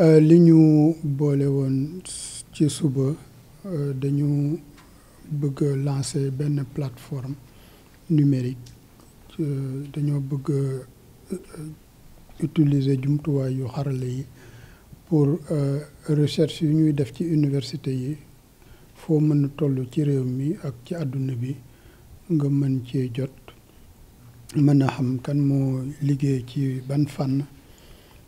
Euh, li ñu boole woon ci suba euh, dañu bëgg a lancer benn plateforme numérique euh, dañoo bëgg utiliser jumtuwaay yu xarale yi pour recherche yu ñuy def ci université yi foo mën a toll ci réew mi ak ci àdduna bi nga mën cee jot mën a xam kan moo liggéey ci ban fànn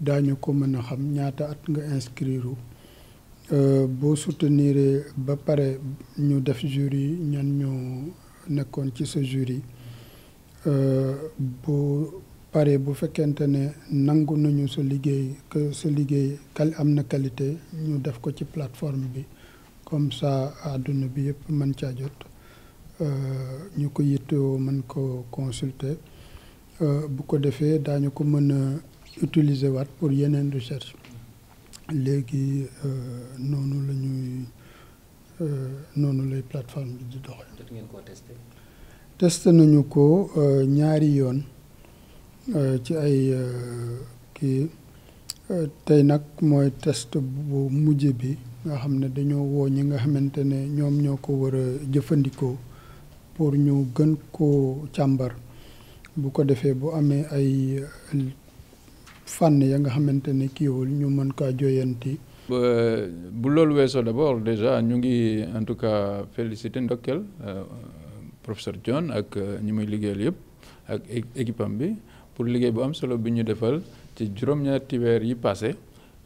daañu ko mën a xam ñaata at nga inscrire euh, boo soutenir e ba pare ñu def jury ñan ñoo nekkoon ci sa jury euh, bu pare bu fekkente ne nangu nañu sa liggéey que liggéey kal am na qualité ñu def ko ci plateforme bi comme sa àdduna bi yëpp mën caa jot euh, ñu ko yittewoo mën ko consulter bu ko defee daañu ko mën a utiliser waat pour yeneen recherche léegi euh, noonu la ñuy euh, noonu lay plateforme bi di doxee. ngeen koo testé. testé nañu ko euh, ñaari yoon ci ay kii tey nag mooy test bu mujj bi nga xam ne dañoo woo ñi nga xamante ne ñoom ñoo ko war a jëfandikoo pour ñu gën koo càmbar bu ko defee bu amee ay fànn ya nga xamante ne kiiwul ñu mën kaa joyanti. bu loolu weesoo d'abord déjà ñu ngi en tout cas félicité ndokkeel euh, professeur John ak euh, ñi muy liggéeyal yëpp ak équipe bi pour liggéey bu am solo bi ñu defal ci juróom-ñetti weer yi passé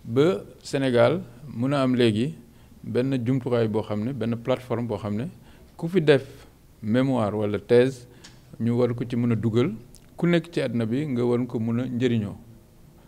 ba Sénégal mun a am léegi benn jumtuwaay boo xam ne benn plateforme boo xam ne ku fi def mémoire wala thèse ñu war ko ci mën a dugal ku nekk ci àdduna bi nga war ko mun a njëriñoo.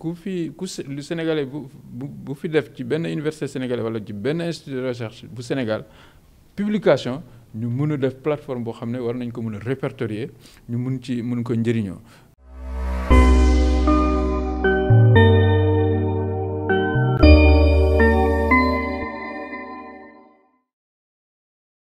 Koufi, le sénégalais vous bu une fi def ci université sénégalaise wala ci institut de recherche au Sénégal publication nous mun a def plateforme pour xam war nañ ko répertorier ñu mun ci mun ko